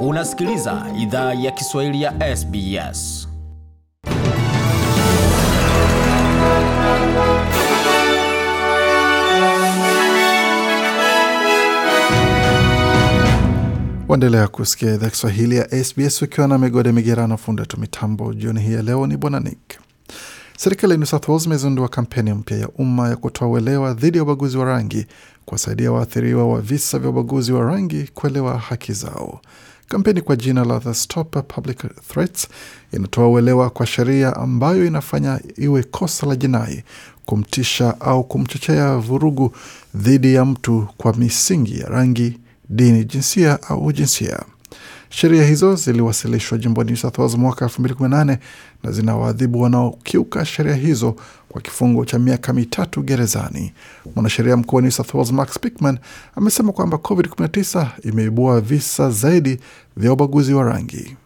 Unasikiliza idhaa ya Kiswahili ya SBS. Waendelea kusikia idhaa Kiswahili ya SBS ukiwa na migode migerano funde tu mitambo. Jioni hii ya leo ni bwana Nick. Serikali ya New South Wales imezindua kampeni mpya ya umma ya kutoa uelewa dhidi ya ubaguzi wa rangi, kuwasaidia waathiriwa wa visa vya ubaguzi wa rangi kuelewa haki zao. Kampeni kwa jina la The Stop Public Threats inatoa uelewa kwa sheria ambayo inafanya iwe kosa la jinai kumtisha au kumchochea vurugu dhidi ya mtu kwa misingi ya rangi, dini, jinsia au jinsia. Sheria hizo ziliwasilishwa jimboni New South Wales mwaka 2018 na zinawaadhibu wanaokiuka sheria hizo kwa kifungo cha miaka mitatu gerezani. Mwanasheria mkuu wa New South Wales Max Pickman amesema kwamba COVID-19 imeibua visa zaidi vya ubaguzi wa rangi.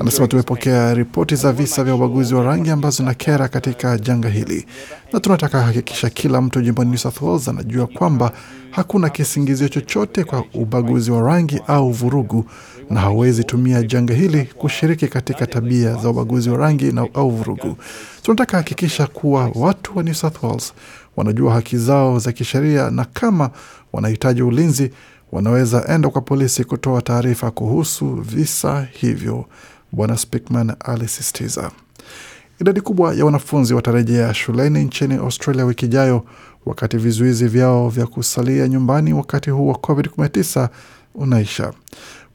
Anasema uh, uh, tumepokea ripoti za visa vya ubaguzi wa rangi ambazo zinakera katika janga hili, na tunataka hakikisha kila mtu jimboni New South Wales anajua kwamba hakuna kisingizio chochote kwa ubaguzi wa rangi au vurugu, na hawezi tumia janga hili kushiriki katika tabia za ubaguzi wa rangi na au vurugu. Tunataka hakikisha kuwa watu wa New South Wales wanajua haki zao za kisheria, na kama wanahitaji ulinzi wanaweza enda kwa polisi kutoa taarifa kuhusu visa hivyo, Bwana Spikman alisisitiza. Idadi kubwa ya wanafunzi watarejea shuleni nchini Australia wiki ijayo, wakati vizuizi vyao vya kusalia nyumbani wakati huu wa COVID-19 unaisha.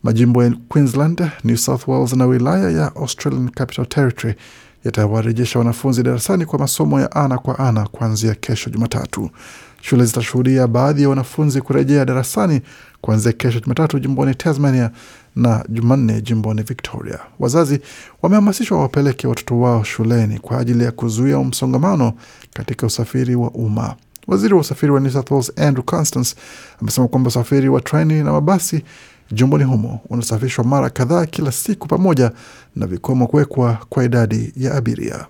Majimbo ya Queensland, New South Wales na wilaya ya Australian Capital Territory yatawarejesha wanafunzi darasani kwa masomo ya ana kwa ana kuanzia kesho Jumatatu. Shule zitashuhudia baadhi ya wanafunzi kurejea darasani kuanzia kesho Jumatatu jimboni Tasmania na Jumanne jimboni Victoria. Wazazi wamehamasishwa wapeleke watoto wao shuleni kwa ajili ya kuzuia msongamano katika usafiri wa umma. Waziri wa usafiri wa New South Wales Andrew Constance amesema kwamba usafiri wa treni na mabasi jumboni humo unasafishwa mara kadhaa kila siku pamoja na vikomo kuwekwa kwa idadi ya abiria.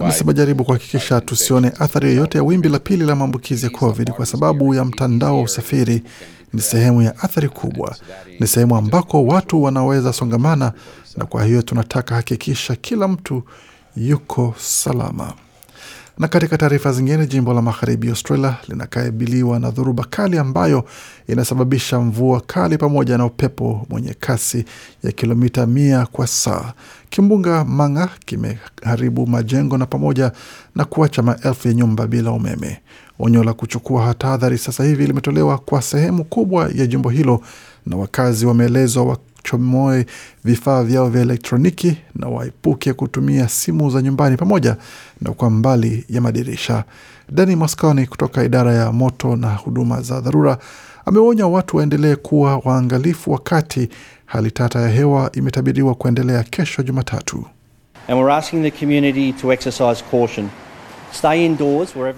Amesema jaribu kuhakikisha tusione athari yoyote ya wimbi la pili la maambukizi ya COVID kwa sababu ya mtandao wa usafiri ni sehemu ya athari kubwa, ni sehemu ambako watu wanaweza songamana, na kwa hiyo tunataka hakikisha kila mtu yuko salama. Na katika taarifa zingine, jimbo la magharibi Australia linakabiliwa na dhoruba kali ambayo inasababisha mvua kali pamoja na upepo mwenye kasi ya kilomita mia kwa saa. Kimbunga Manga kimeharibu majengo na pamoja na kuacha maelfu ya nyumba bila umeme. Onyo la kuchukua hatadhari sasa hivi limetolewa kwa sehemu kubwa ya jimbo hilo, na wakazi wameelezwa wachomoe vifaa vyao vya elektroniki na waepuke kutumia simu za nyumbani pamoja na kwa mbali ya madirisha. Dani Mosconi kutoka idara ya moto na huduma za dharura ameonya watu waendelee kuwa waangalifu wakati hali tata ya hewa imetabiriwa kuendelea kesho Jumatatu. And we're asking the community to exercise caution.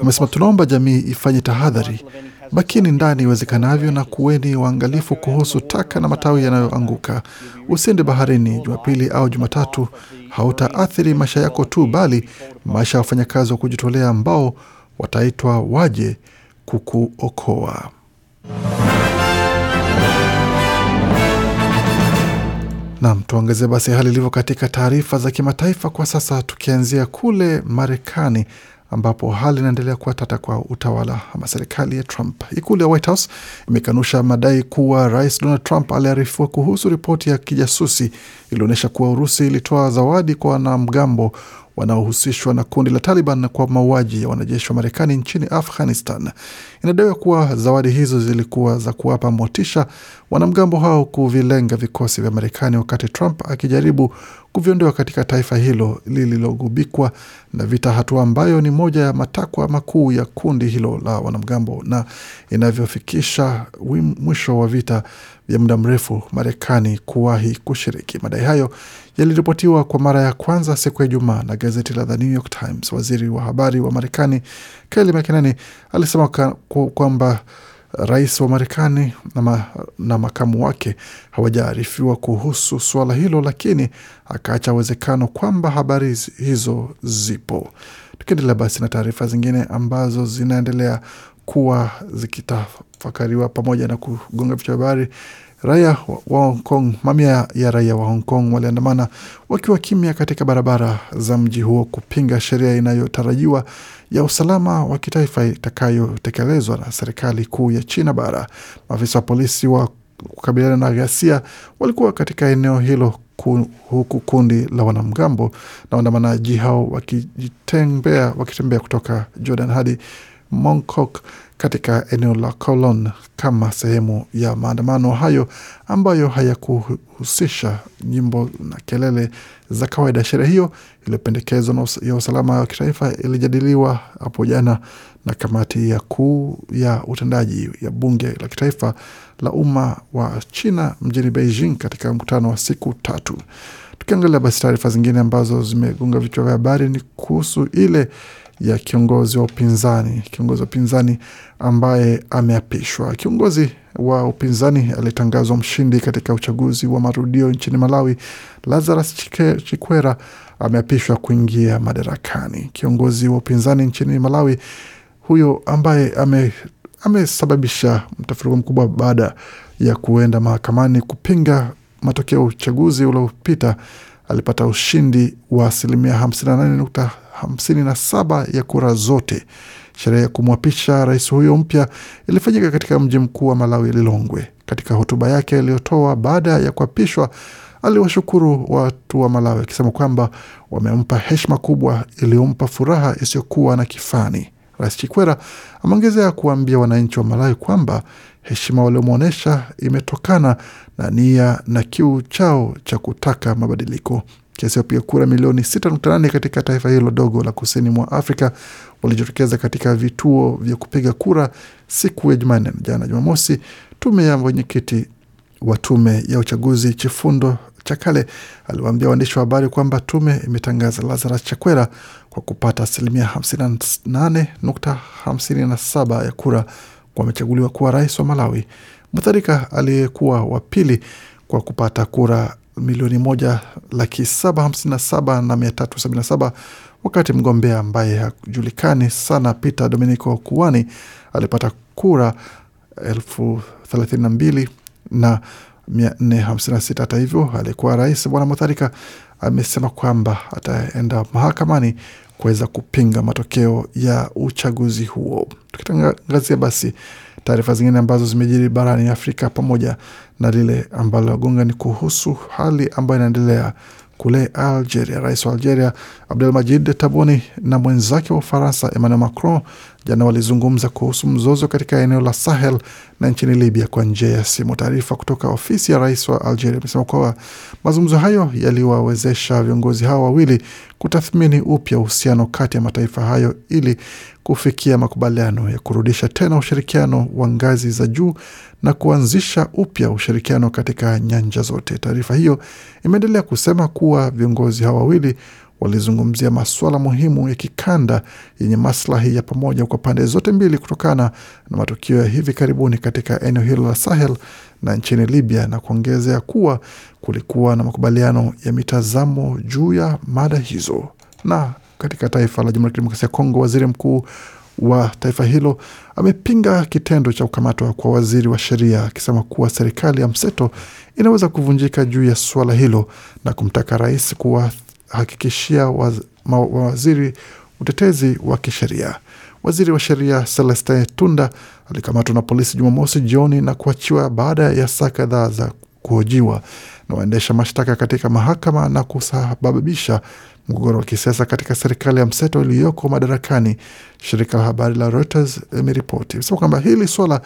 Amesema tunaomba jamii ifanye tahadhari, bakini ndani iwezekanavyo, na kuweni waangalifu kuhusu taka na matawi yanayoanguka. Usiende baharini Jumapili au Jumatatu, hautaathiri maisha yako tu, bali maisha ya wafanyakazi wa kujitolea ambao wataitwa waje kukuokoa. Nam, tuangazie basi hali ilivyo katika taarifa za kimataifa kwa sasa, tukianzia kule Marekani ambapo hali inaendelea kuwa tata kwa utawala ama serikali ya Trump. Ikulu ya White House imekanusha madai kuwa Rais Donald Trump aliarifiwa kuhusu ripoti ya kijasusi iliyoonyesha kuwa Urusi ilitoa zawadi kwa wanamgambo wanaohusishwa na kundi la Taliban kwa mauaji ya wanajeshi wa Marekani nchini Afghanistan. Inadaiwa kuwa zawadi hizo zilikuwa za kuwapa motisha wanamgambo hao kuvilenga vikosi vya Marekani wakati Trump akijaribu kuviondoa katika taifa hilo lililogubikwa na vita, hatua ambayo ni moja ya matakwa makuu ya kundi hilo la wanamgambo na inavyofikisha mwisho wa vita ya muda mrefu Marekani kuwahi kushiriki. Madai hayo yaliripotiwa kwa mara ya kwanza siku ya Ijumaa na gazeti la The New York Times. Waziri wa habari wa Marekani Kayleigh McEnany alisema kwamba rais wa Marekani na, ma, na makamu wake hawajaarifiwa kuhusu suala hilo, lakini akaacha uwezekano kwamba habari hizo zipo. Tukiendelea basi na taarifa zingine ambazo zinaendelea, zimekuwa zikitafakariwa pamoja na kugonga vichwa vya habari. Raia wa Hong Kong, mamia ya raia wa Hong Kong waliandamana wakiwa kimya katika barabara za mji huo kupinga sheria inayotarajiwa ya usalama wa kitaifa itakayotekelezwa na serikali kuu ya China bara. Maafisa wa polisi wa kukabiliana na ghasia walikuwa katika eneo hilo huku kundi la wanamgambo na waandamanaji hao wakitembea wakitembea kutoka Jordan hadi Mongkok katika eneo la Kowloon kama sehemu ya maandamano hayo ambayo hayakuhusisha nyimbo na kelele za kawaida. Sherehe hiyo iliyopendekezwa ya usalama wa kitaifa ilijadiliwa hapo jana na kamati ya kuu ya utendaji ya bunge la kitaifa la umma wa China mjini Beijing katika mkutano wa siku tatu. Tukiangalia basi taarifa zingine ambazo zimegonga vichwa vya habari ni kuhusu ile ya kiongozi wa upinzani, kiongozi wa upinzani ambaye ameapishwa. Kiongozi wa upinzani alitangazwa mshindi katika uchaguzi wa marudio nchini Malawi, Lazarus Chikwera ameapishwa kuingia madarakani. Kiongozi wa upinzani nchini Malawi huyo ambaye ame amesababisha mtafaruku mkubwa baada ya kuenda mahakamani kupinga matokeo ya uchaguzi uliopita. Alipata ushindi wa asilimia saba ya kura zote. Sherehe ya kumwapisha rais huyo mpya ilifanyika katika mji mkuu wa Malawi, Lilongwe. Katika hotuba yake aliyotoa baada ya kuapishwa, aliwashukuru watu wa Malawi akisema kwamba wamempa heshima kubwa iliyompa furaha isiyokuwa na kifani. Rais Chikwera ameongezea kuwaambia wananchi wa Malawi kwamba heshima waliomwonyesha imetokana na nia na kiu chao cha kutaka mabadiliko. Kiasiopia kura milioni 6.8 katika taifa hilo dogo la kusini mwa Afrika walijitokeza katika vituo vya kupiga kura siku ya Jumanne jana Jumamosi. Tume ya mwenyekiti wa tume ya uchaguzi Chifundo Chakale aliwaambia waandishi wa habari kwamba tume imetangaza Lazarus Chakwera kwa kupata asilimia 58.57 ya kura kwa amechaguliwa kuwa rais wa Malawi. Mutharika aliyekuwa wa pili kwa kupata kura milioni moja laki saba hamsini na saba na mia tatu sabini na saba wakati mgombea ambaye hajulikani sana Peter dominico Kuani alipata kura elfu thelathini na mbili na mia nne hamsini na sita. Hata hivyo, aliyekuwa rais Bwana Mutharika amesema kwamba ataenda mahakamani kuweza kupinga matokeo ya uchaguzi huo. Tukitangazia basi taarifa zingine ambazo zimejiri barani Afrika pamoja na lile ambalo gonga ni kuhusu hali ambayo inaendelea kule Algeria. Rais wa Algeria majid Tebboune na mwenzake wa Ufaransa Emmanuel Macron jana walizungumza kuhusu mzozo katika eneo la Sahel na nchini Libya kwa njia ya simu. Taarifa kutoka ofisi ya rais wa Algeria imesema kuwa mazungumzo hayo yaliwawezesha viongozi hao wawili kutathmini upya uhusiano kati ya mataifa hayo ili kufikia makubaliano ya kurudisha tena ushirikiano wa ngazi za juu na kuanzisha upya ushirikiano katika nyanja zote. Taarifa hiyo imeendelea kusema kuwa viongozi hao wawili walizungumzia masuala muhimu ya kikanda yenye maslahi ya pamoja kwa pande zote mbili kutokana na matukio ya hivi karibuni katika eneo hilo la Sahel na nchini Libya, na kuongezea kuwa kulikuwa na makubaliano ya mitazamo juu ya mada hizo. Na katika taifa la Jamhuri ya Kidemokrasia ya Kongo, waziri mkuu wa taifa hilo amepinga kitendo cha kukamatwa kwa waziri wa sheria akisema kuwa serikali ya mseto inaweza kuvunjika juu ya suala hilo na kumtaka rais kuwa hakikishia waz, waziri utetezi wa kisheria. Waziri wa sheria Celestin Tunda alikamatwa na polisi Jumamosi jioni na kuachiwa baada ya saa kadhaa za kuhojiwa na waendesha mashtaka katika mahakama na kusababisha mgogoro wa kisiasa katika serikali ya mseto iliyoko madarakani, shirika la habari la Reuters imeripoti sema kwamba hili swala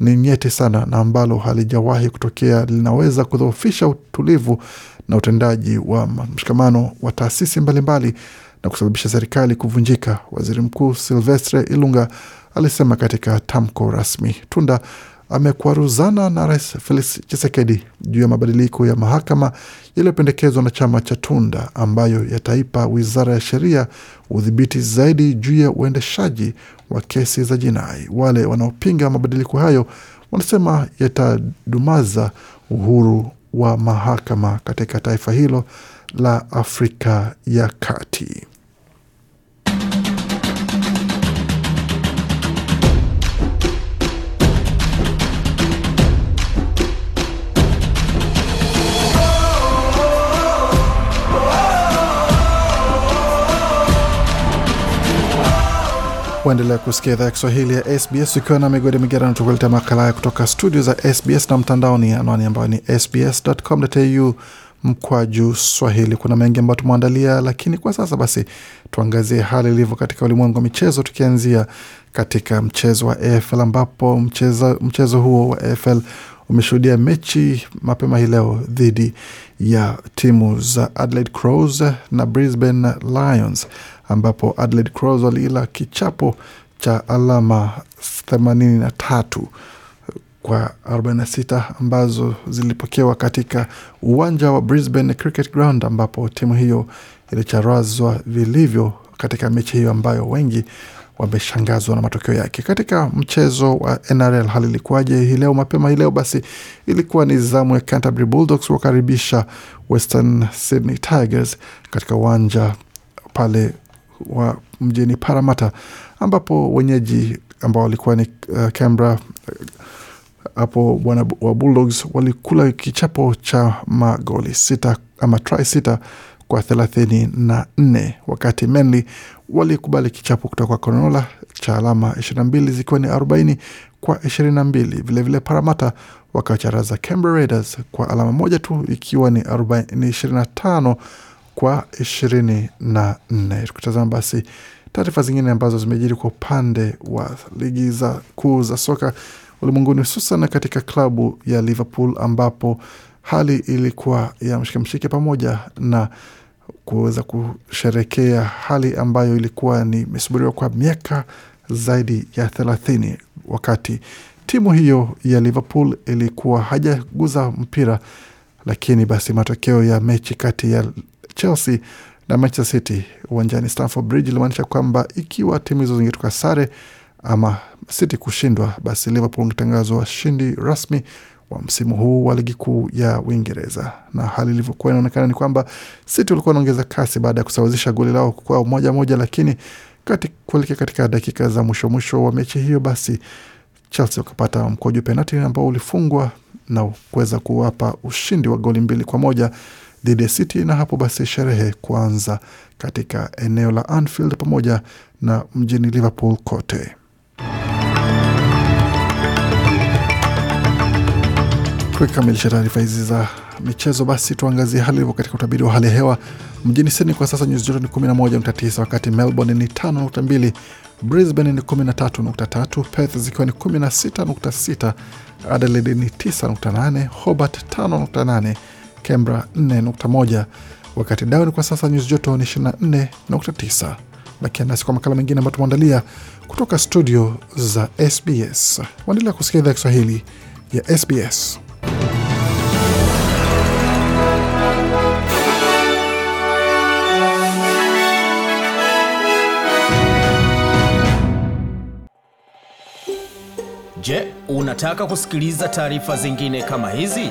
ni nyeti sana na ambalo halijawahi kutokea, linaweza kudhoofisha utulivu na utendaji wa mshikamano wa taasisi mbalimbali na kusababisha serikali kuvunjika, waziri mkuu Silvestre Ilunga alisema katika tamko rasmi. Tunda amekwaruzana na rais Felix chisekedi juu ya mabadiliko ya mahakama yaliyopendekezwa na chama cha Tunda ambayo yataipa wizara ya sheria udhibiti zaidi juu ya uendeshaji wa kesi za jinai. Wale wanaopinga mabadiliko hayo wanasema yatadumaza uhuru wa mahakama katika taifa hilo la Afrika ya Kati. kuendelea kusikia idhaa ya Kiswahili ya SBS ukiwa na migodi migerano, tukuletea makala haya kutoka studio za SBS na mtandaoni, anwani ambayo ni sbs.com.au mkwaju swahili. Kuna mengi ambayo tumeandalia, lakini kwa sasa basi tuangazie hali ilivyo katika ulimwengu wa michezo, tukianzia katika mchezo wa AFL ambapo mchezo, mchezo huo wa AFL umeshuhudia mechi mapema hii leo dhidi ya timu za Adelaide Crows na Brisbane Lions ambapo Adelaide Crows waliila kichapo cha alama 83 kwa 46 ambazo zilipokewa katika uwanja wa Brisbane Cricket Ground, ambapo timu hiyo ilicharazwa vilivyo katika mechi hiyo ambayo wengi wameshangazwa na matokeo yake. Katika mchezo wa NRL hali ilikuwaje hii leo mapema hii leo? Basi ilikuwa ni zamu ya Canterbury Bulldogs wakaribisha Western Sydney Tigers katika uwanja pale wa mjini Paramata, ambapo wenyeji ambao walikuwa ni uh, Canberra eh, hapo bwana wa Bulldogs walikula kichapo cha magoli sita ama try sita kwa thelathini na nne wakati Manly walikubali kichapo kutoka kwa Cronulla cha alama mbili zikiwa ni arobaini kwa ishirini na mbili Vilevile Paramata wakawacharaza Canberra Raiders kwa alama moja tu ikiwa ni na tano kwa ishirini na nne. Tukitazama basi taarifa zingine ambazo zimejiri kwa upande wa ligi za kuu za soka ulimwenguni, hususan katika klabu ya Liverpool ambapo hali ilikuwa ya mshikemshike pamoja na kuweza kusherekea hali ambayo ilikuwa ni imesubiriwa kwa miaka zaidi ya thelathini wakati timu hiyo ya Liverpool ilikuwa hajaguza mpira, lakini basi matokeo ya mechi kati ya Chelsea na Manchester City uwanjani Stamford Bridge, ilimaanisha kwamba ikiwa timu hizo zingetoka sare ama City kushindwa, basi Liverpool ungetangazwa washindi rasmi wa msimu huu wa ligi kuu ya Uingereza. Na hali ilivyokuwa inaonekana ni kwamba City walikuwa wanaongeza kasi baada ya kusawazisha goli lao kwa moja moja, lakini kati kuelekea katika dakika za mwisho mwisho wa mechi hiyo, basi Chelsea wakapata mkojo penati ambao ulifungwa na kuweza kuwapa ushindi wa goli mbili kwa moja dhidi ya City, na hapo basi sherehe kuanza katika eneo la Anfield pamoja na mjini Liverpool kote. Tukikamilisha taarifa hizi za michezo basi tuangazie hali ilivyo katika utabiri wa hali ya hewa mjini Sydney kwa sasa nyuzi joto ni 11.9, wakati Melbourne ni 5.2, Brisbane ni 13.3, Perth zikiwa ni 16.6, Adelaide ni 9.8, Hobart 5.8 Canberra 4.1, wakati Darwin kwa sasa nyuzi joto ni 24.9. Bakia nasi kwa makala mengine ambayo tumeandalia kutoka studio za SBS. Waendelea kusikia idhaa Kiswahili ya SBS. Je, unataka kusikiliza taarifa zingine kama hizi?